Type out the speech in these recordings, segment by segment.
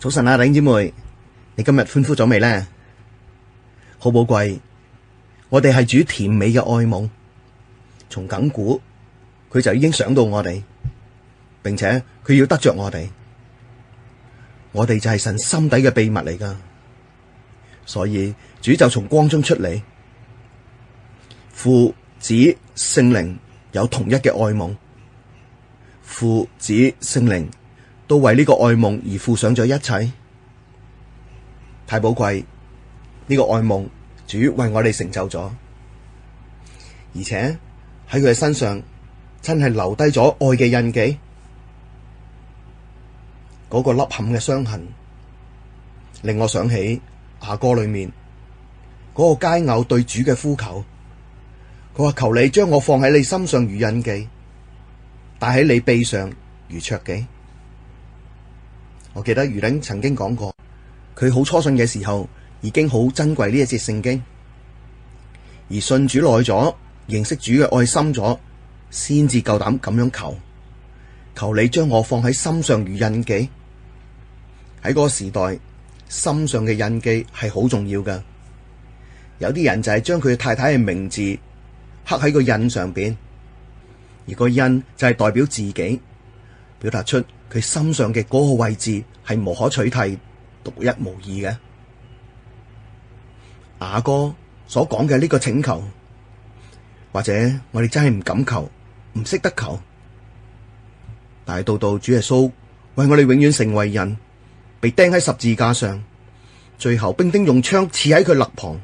早晨啊，頂姐妹，你今日歡呼咗未呢？好寶貴，我哋係主甜美嘅愛夢，從亙古佢就已經想到我哋，並且佢要得着我哋，我哋就係神心底嘅秘密嚟噶，所以主就從光中出嚟，父子聖靈有同一嘅愛夢，父子聖靈。都為呢個愛夢而付上咗一切，太寶貴。呢、這個愛夢，主為我哋成就咗，而且喺佢嘅身上，真係留低咗愛嘅印記，嗰、那個凹陷嘅傷痕，令我想起雅、啊、歌裏面嗰、那個佳偶對主嘅呼求，佢話求你將我放喺你心上如印記，帶喺你臂上如戳記。我記得愚玲曾經講過，佢好初信嘅時候，已經好珍貴呢一節聖經。而信主耐咗，認識主嘅愛心咗，先至夠膽咁樣求，求你將我放喺心上如印記。喺嗰個時代，心上嘅印記係好重要㗎。有啲人就係將佢太太嘅名字刻喺個印上面，而個印就係代表自己，表達出。佢身上嘅嗰個位置係無可取替獨一無二嘅。雅歌所講嘅呢個請求，或者我哋真係唔敢求，唔識得求，但係到到主耶穌為我哋永遠成為人，被釘喺十字架上，最後兵丁用槍刺喺佢肋旁，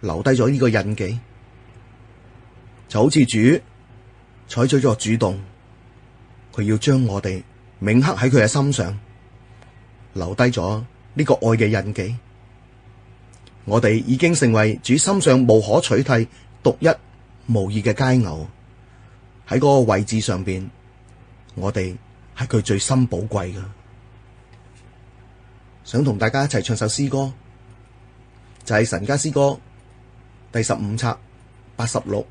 留低咗呢個印記，就好似主採取咗主動，佢要將我哋。銘刻喺佢嘅心上，留低咗呢個愛嘅印記。我哋已經成為主心上無可取替、獨一無二嘅佳偶，喺嗰個位置上邊，我哋係佢最深寶貴嘅。想同大家一齊唱首詩歌，就係、是《神家詩歌》第十五冊八十六，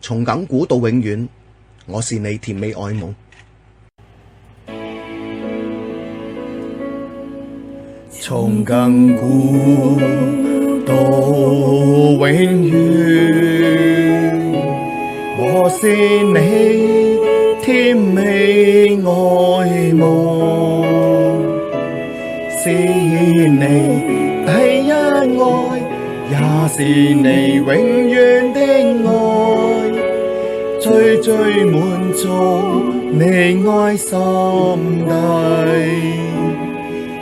從亙古到永遠，我是你甜美愛夢。從亘古到永遠，我是你甜美愛夢，是你第一愛，也是你永遠的愛，最最滿足你愛心底。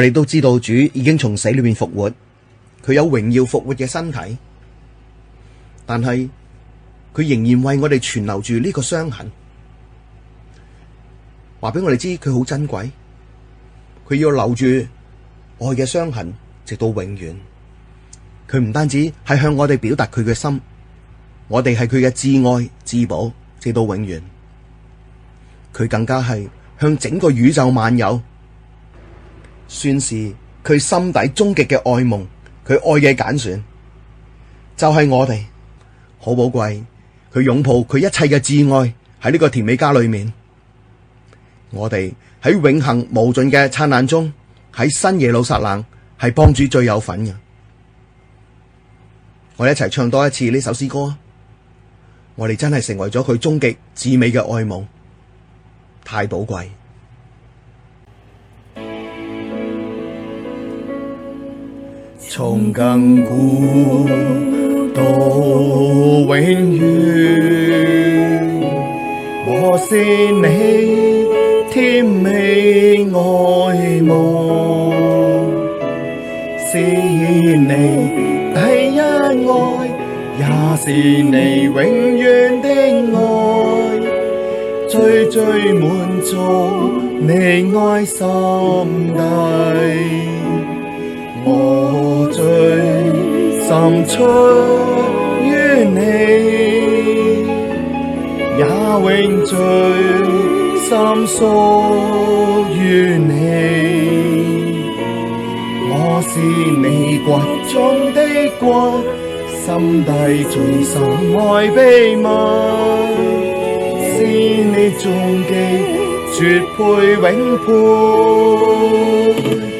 我哋都知道主已經從死裏面復活，佢有榮耀復活嘅身體，但係佢仍然為我哋存留住呢個傷痕，話俾我哋知佢好珍貴，佢要留住愛嘅傷痕直到永遠。佢唔單止係向我哋表達佢嘅心，我哋係佢嘅至愛至寶直到永遠。佢更加係向整個宇宙萬有。算是佢心底終極嘅愛夢，佢愛嘅揀選就係、是、我哋好寶貴。佢擁抱佢一切嘅摯愛喺呢個甜美家裏面，我哋喺永恆無盡嘅燦爛中，喺新耶路撒冷係幫主最有份嘅。我哋一齊唱多一次呢首詩歌啊！我哋真係成為咗佢終極至美嘅愛夢，太寶貴。同亙古到永遠我是，甜美我先你添起愛慕，是你第一愛，也是你永遠的愛，最最滿足你愛心底。我最深出於你，也永最深屬於你。我是你骨中的骨，心底最深愛秘密，是你終極絕配永配。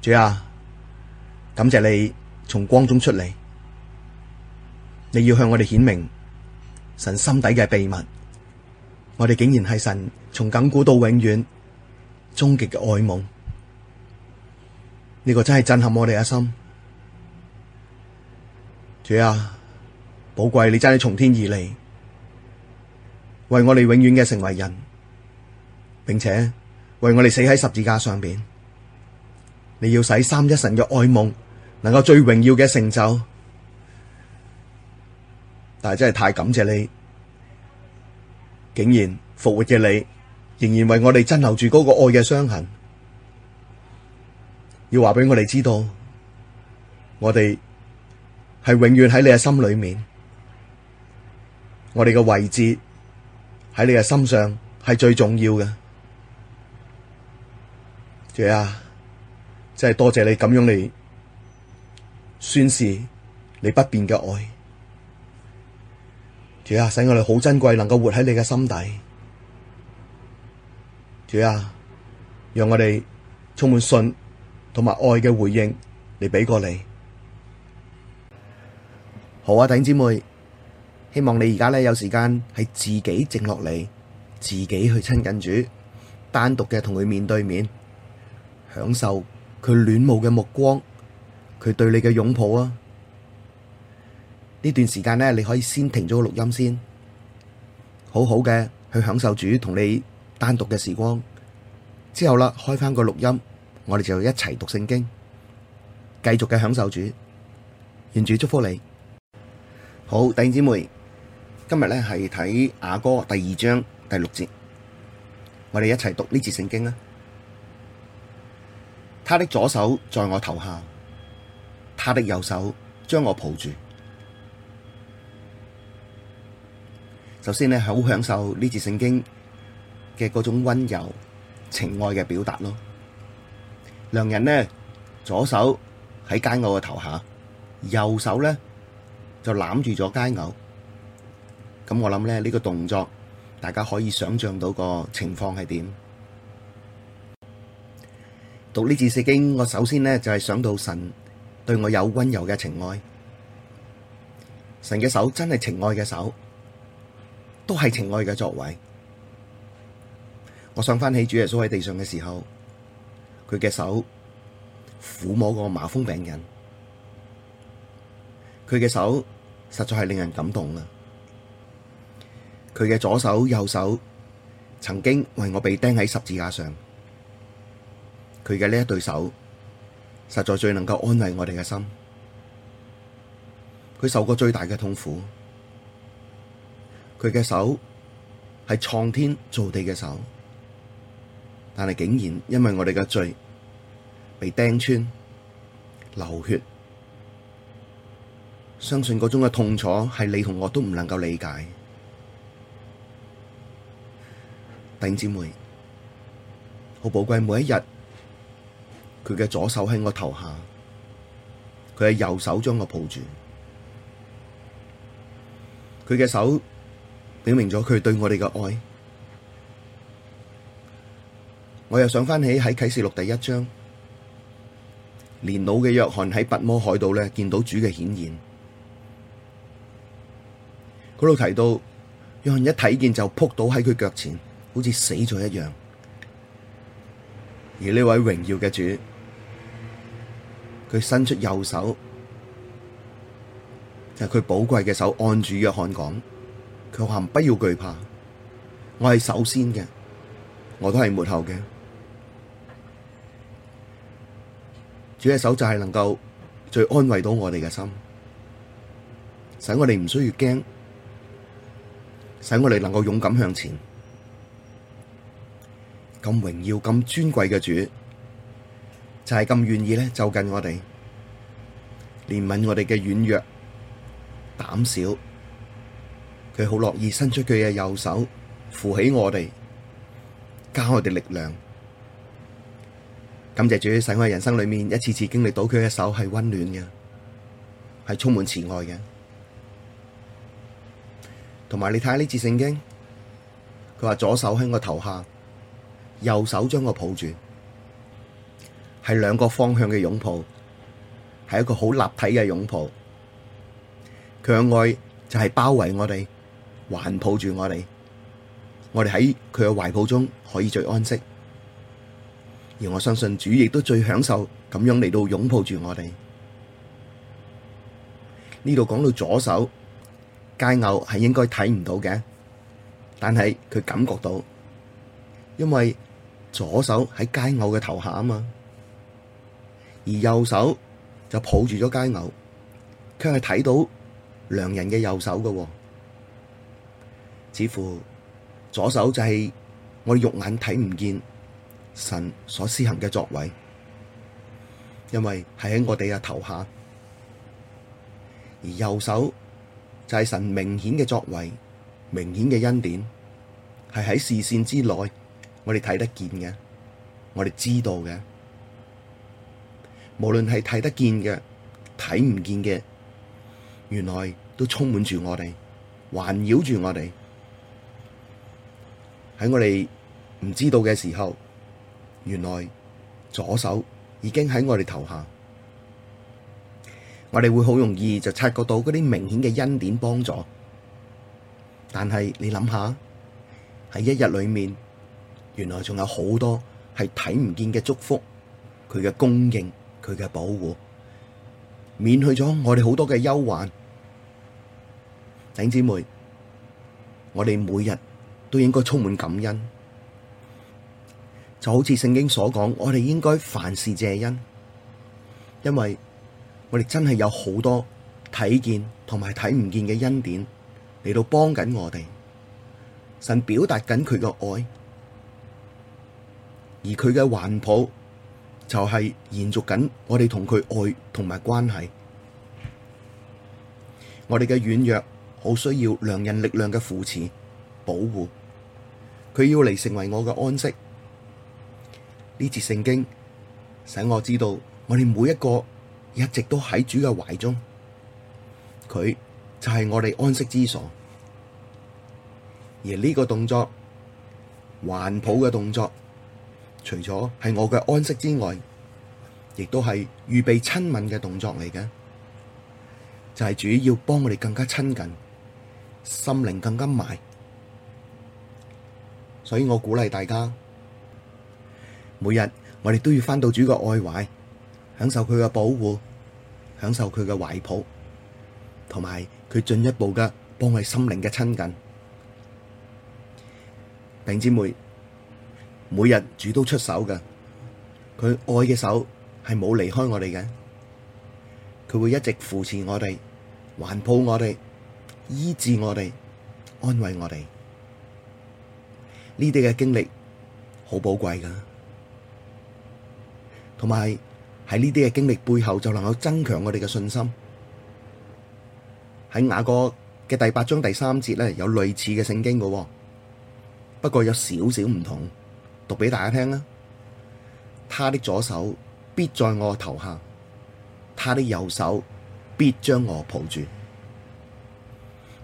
主啊，感謝你從光中出嚟，你要向我哋顯明神心底嘅秘密，我哋竟然係神從亙古到永遠終極嘅愛夢，呢個真係震撼我哋嘅心。主啊，寶貴你真係從天而嚟，為我哋永遠嘅成為人，並且為我哋死喺十字架上邊。你要使三一神嘅愛夢能夠最榮耀嘅成就，但係真係太感謝你，竟然復活嘅你仍然為我哋珍留住嗰個愛嘅傷痕，要話俾我哋知道，我哋係永遠喺你嘅心裏面，我哋嘅位置喺你嘅心上係最重要嘅，主啊！真係多謝你咁樣，嚟宣示你不變嘅愛，主啊，使我哋好珍貴，能夠活喺你嘅心底。主啊，讓我哋充滿信同埋愛嘅回應嚟俾過你。好啊，弟兄姊妹，希望你而家咧有時間係自己靜落嚟，自己去親近主，單獨嘅同佢面對面，享受。佢戀慕嘅目光，佢對你嘅擁抱啊！呢段時間咧，你可以先停咗個錄音先，好好嘅去享受主同你單獨嘅時光。之後啦，開翻個錄音，我哋就一齊讀聖經，繼續嘅享受主。願主祝福你。好，弟兄姊妹，今日咧係睇雅歌第二章第六節，我哋一齊讀呢節聖經啊！他的左手在我頭下，他的右手將我抱住。首先呢，好享受呢節聖經嘅嗰種溫柔情愛嘅表達咯。良人呢，左手喺佳偶嘅頭下，右手呢就攬住咗佳偶。咁我諗呢、這個動作，大家可以想象到個情況係點。讀呢次《四經》，我首先呢就係、是、想到神對我有温柔嘅情愛，神嘅手真係情愛嘅手，都係情愛嘅作為。我想返起主耶穌喺地上嘅時候，佢嘅手撫摸個麻風病人，佢嘅手實在係令人感動啊！佢嘅左手、右手曾經為我被釘喺十字架上。佢嘅呢一對手實在最能夠安慰我哋嘅心。佢受過最大嘅痛苦，佢嘅手係創天造地嘅手，但係竟然因為我哋嘅罪被釘穿流血，相信嗰種嘅痛楚係你同我都唔能夠理解。弟兄姊妹，好寶貴每一日。佢嘅左手喺我頭下，佢嘅右手將我抱住，佢嘅手表明咗佢對我哋嘅愛。我又想翻起喺啟示錄第一章，年老嘅約翰喺拔摩海島，咧見到主嘅顯現，嗰度提到約翰一睇見就撲倒喺佢腳前，好似死咗一樣，而呢位榮耀嘅主。佢伸出右手，就係佢寶貴嘅手按住約翰講，佢話，不要懼怕，我係首先嘅，我都係末後嘅，主嘅手就係能夠最安慰到我哋嘅心，使我哋唔需要驚，使我哋能夠勇敢向前。咁榮耀咁尊貴嘅主，就係咁願意咧，就近我哋，憐憫我哋嘅軟弱、膽小，佢好樂意伸出佢嘅右手扶起我哋，加我哋力量。感謝主，喺我人生裏面一次次經歷到佢嘅手係溫暖嘅，係充滿慈愛嘅。同埋你睇下呢次聖經，佢話左手喺我頭下，右手將我抱住。係兩個方向嘅擁抱，係一個好立體嘅擁抱。佢嘅愛就係包圍我哋，環抱住我哋。我哋喺佢嘅懷抱中可以最安息，而我相信主亦都最享受咁樣嚟到擁抱住我哋。呢度講到左手，佳偶係應該睇唔到嘅，但係佢感覺到，因為左手喺佳偶嘅頭下啊嘛。而右手就抱住咗街牛，卻係睇到良人嘅右手嘅、哦，似乎左手就係我哋肉眼睇唔見神所施行嘅作為，因為係喺我哋嘅頭下，而右手就係神明顯嘅作為，明顯嘅恩典，係喺視線之內我，我哋睇得見嘅，我哋知道嘅。無論係睇得見嘅、睇唔見嘅，原來都充滿住我哋，環繞住我哋。喺我哋唔知道嘅時候，原來左手已經喺我哋頭下。我哋會好容易就察覺到嗰啲明顯嘅恩典幫助，但係你諗下，喺一日裏面，原來仲有好多係睇唔見嘅祝福，佢嘅供應。佢嘅保護，免去咗我哋好多嘅憂患，弟兄姊妹，我哋每日都應該充滿感恩，就好似聖經所講，我哋應該凡事謝恩，因為我哋真係有好多睇見同埋睇唔見嘅恩典嚟到幫緊我哋，神表達緊佢嘅愛，而佢嘅環抱。就係延續緊我哋同佢愛同埋關係，我哋嘅軟弱好需要良人力量嘅扶持保護，佢要嚟成為我嘅安息。呢節聖經使我知道我哋每一個一直都喺主嘅懷中，佢就係我哋安息之所。而呢個動作，環抱嘅動作。除咗係我嘅安息之外，亦都係預備親吻嘅動作嚟嘅，就係、是、主要幫我哋更加親近心靈，更加埋。所以我鼓勵大家，每日我哋都要翻到主嘅愛懷，享受佢嘅保護，享受佢嘅懷抱，同埋佢進一步嘅幫我哋心靈嘅親近。弟兄姐妹。每日主都出手嘅，佢愛嘅手係冇離開我哋嘅，佢會一直扶持我哋、環抱我哋、醫治我哋、安慰我哋。呢啲嘅經歷好寶貴噶，同埋喺呢啲嘅經歷背後就能夠增強我哋嘅信心。喺雅歌嘅第八章第三節咧，有類似嘅聖經噶，不過有少少唔同。讀俾大家聽啦！他的左手必在我頭下，他的右手必將我抱住。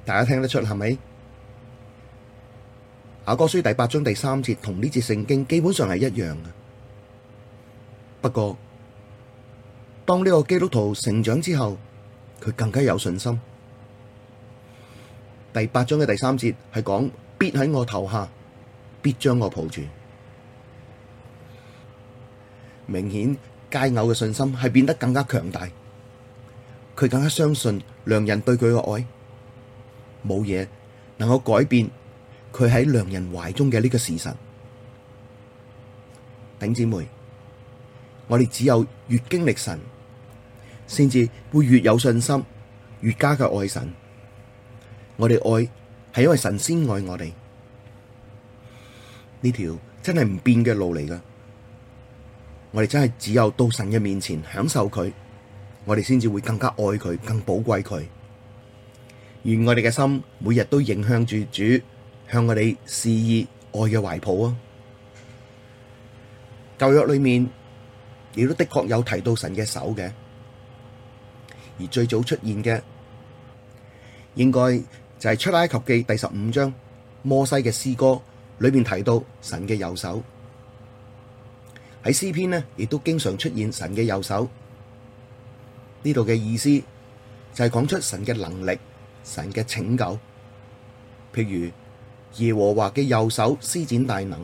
大家聽得出係咪？雅歌書第八章第三節同呢節聖經基本上係一樣嘅。不過，當呢個基督徒成長之後，佢更加有信心。第八章嘅第三節係講必喺我頭下，必將我抱住。明顯佳偶嘅信心係變得更加強大，佢更加相信良人對佢嘅愛，冇嘢能夠改變佢喺良人懷中嘅呢個事實。頂姊妹，我哋只有越經歷神，先至會越有信心，越加嘅愛神。我哋愛係因為神先愛我哋，呢條真係唔變嘅路嚟噶。我哋真係只有到神嘅面前享受佢，我哋先至會更加愛佢，更寶貴佢。願我哋嘅心每日都迎向住主，向我哋示意愛嘅懷抱啊！舊約裏面亦都的確有提到神嘅手嘅，而最早出現嘅應該就係出埃及記第十五章摩西嘅詩歌裏面提到神嘅右手。喺詩篇呢，亦都經常出現神嘅右手。呢度嘅意思，就係講出神嘅能力、神嘅拯救。譬如耶和華嘅右手施展大能，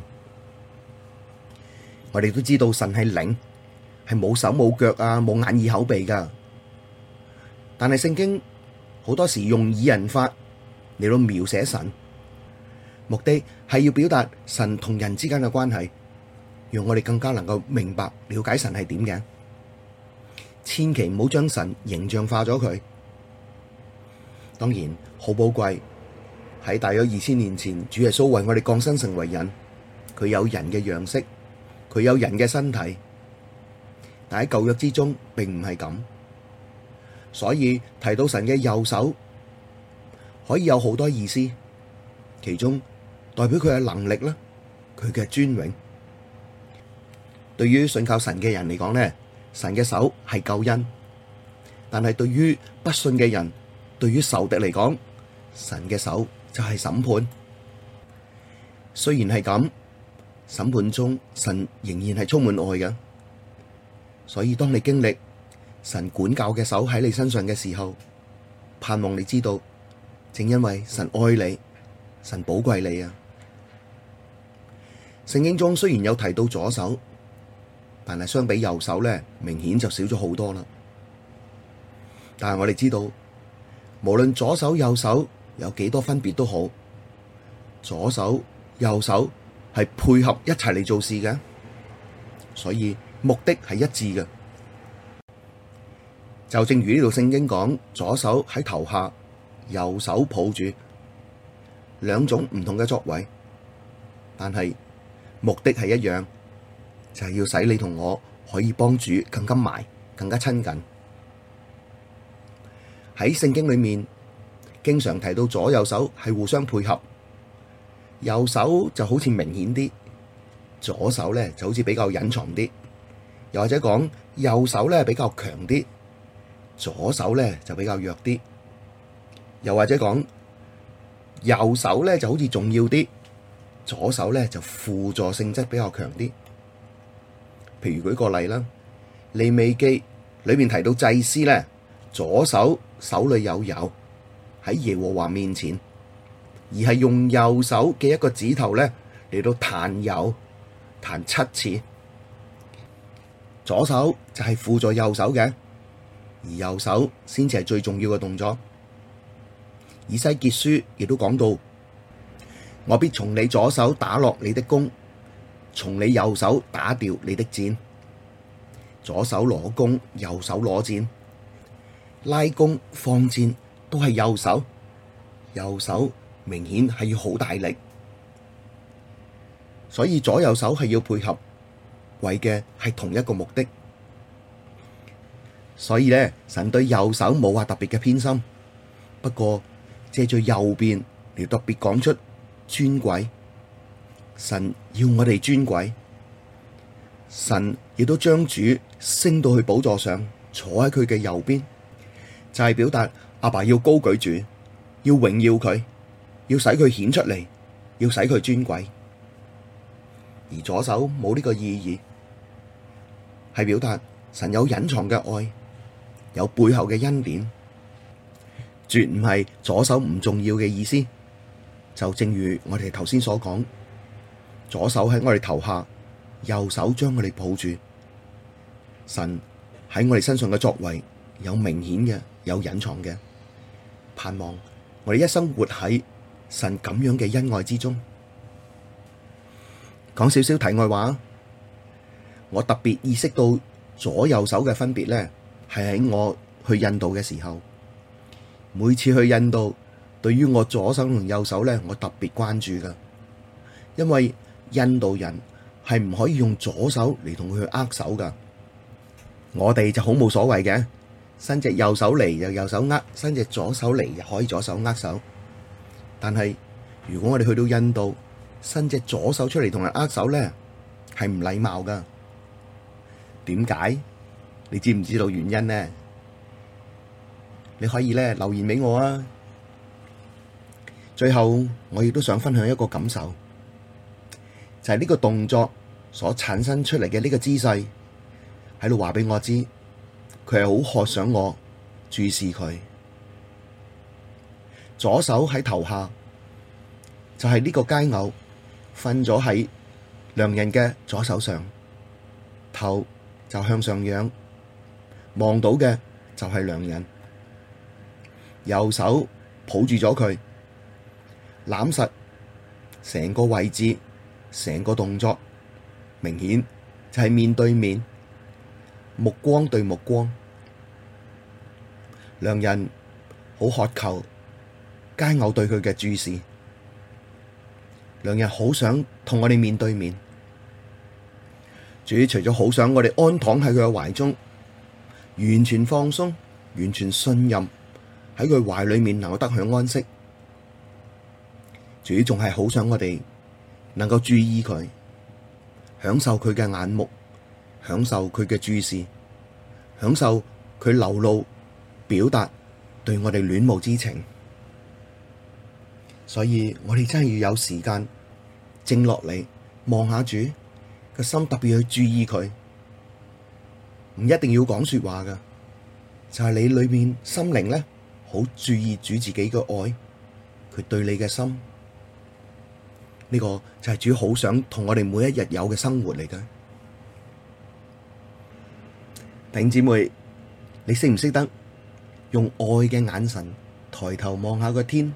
我哋都知道神係靈，係冇手冇腳啊，冇眼耳口鼻噶。但係聖經好多時用擬人法嚟到描寫神，目的係要表達神同人之間嘅關係。讓我哋更加能夠明白了解神係點嘅，千祈唔好將神形象化咗佢。當然好寶貴，喺大約二千年前，主耶穌為我哋降生成為人，佢有人嘅樣式，佢有人嘅身體。但喺舊約之中，並唔係咁，所以提到神嘅右手，可以有好多意思，其中代表佢嘅能力啦，佢嘅尊榮。對於信靠神嘅人嚟講，呢，神嘅手係救恩；但係對於不信嘅人，對於仇敵嚟講，神嘅手就係審判。雖然係咁，審判中神仍然係充滿愛嘅。所以當你經歷神管教嘅手喺你身上嘅時候，盼望你知道，正因為神愛你，神寶貴你啊。聖經中雖然有提到左手。但係相比右手咧，明顯就少咗好多啦。但係我哋知道，無論左手右手有幾多分別都好，左手右手係配合一齊嚟做事嘅，所以目的係一致嘅。就正如呢度聖經講，左手喺頭下，右手抱住，兩種唔同嘅作為，但係目的係一樣。就係要使你同我可以幫主更加埋，更加親近。喺聖經裏面經常提到左右手係互相配合，右手就好似明顯啲，左手咧就好似比較隱藏啲。又或者講右手咧比較強啲，左手咧就比較弱啲。又或者講右手咧就好似重要啲，左手咧就輔助性質比較強啲。譬如舉個例啦，《利未記》裏面提到祭司咧，左手手裏有油喺耶和華面前，而係用右手嘅一個指頭咧嚟到彈油，彈七次。左手就係輔助右手嘅，而右手先至係最重要嘅動作。以西結書亦都講到：我必從你左手打落你的弓。從你右手打掉你的箭，左手攞弓，右手攞箭，拉弓放箭都係右手，右手明顯係要好大力，所以左右手係要配合，為嘅係同一個目的。所以咧，神對右手冇話特別嘅偏心，不過借住右邊嚟特別講出尊貴。神要我哋尊貴，神亦都將主升到去寶座上，坐喺佢嘅右邊，就係、是、表達阿爸，爸要高舉主，要榮耀佢，要使佢顯出嚟，要使佢尊貴。而左手冇呢個意義，係表達神有隱藏嘅愛，有背後嘅恩典，絕唔係左手唔重要嘅意思。就正如我哋頭先所講。左手喺我哋頭下，右手將我哋抱住。神喺我哋身上嘅作為，有明顯嘅，有隱藏嘅。盼望我哋一生活喺神咁樣嘅恩愛之中。講少少題外話，我特別意識到左右手嘅分別呢，係喺我去印度嘅時候，每次去印度，對於我左手同右手呢，我特別關注噶，因為。印度人係唔可以用左手嚟同佢去握手㗎，我哋就好冇所謂嘅，伸隻右手嚟又右手握，伸隻左手嚟又可以左手握手。但係如果我哋去到印度，伸隻左手出嚟同人握手咧，係唔禮貌㗎。點解？你知唔知道原因呢？你可以咧留言俾我啊！最後我亦都想分享一個感受。就係呢個動作所產生出嚟嘅呢個姿勢，喺度話畀我知佢係好渴想我注視佢。左手喺頭下，就係、是、呢個佳偶瞓咗喺良人嘅左手上，頭就向上仰，望到嘅就係良人。右手抱住咗佢，攬實成個位置。成個動作明顯就係面對面，目光對目光，良人好渴求佳偶對佢嘅注視，良人好想同我哋面對面。主除咗好想我哋安躺喺佢嘅懷中，完全放鬆，完全信任喺佢懷裏面能夠得享安息。主仲係好想我哋。能夠注意佢，享受佢嘅眼目，享受佢嘅注視，享受佢流露表達對我哋戀慕之情。所以我哋真係要有時間靜落嚟望下看看主，個心特別去注意佢，唔一定要講說話㗎，就係、是、你裏面心靈咧，好注意主自己嘅愛，佢對你嘅心。呢個就係主好想同我哋每一日有嘅生活嚟嘅。弟兄姊妹，你識唔識得用愛嘅眼神抬頭望下個天，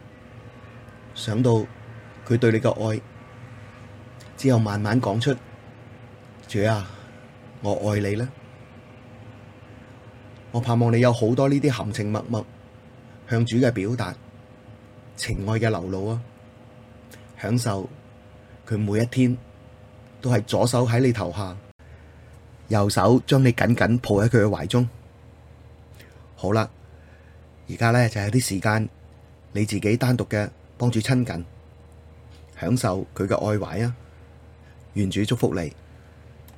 想到佢對你嘅愛，之後慢慢講出，主啊，我愛你啦！我盼望你有好多呢啲含情脈脈向主嘅表達，情愛嘅流露啊，享受。佢每一天都係左手喺你頭下，右手將你緊緊抱喺佢嘅懷中。好啦，而家呢就有啲時間你自己單獨嘅幫住親近，享受佢嘅愛懷啊！願主祝福你。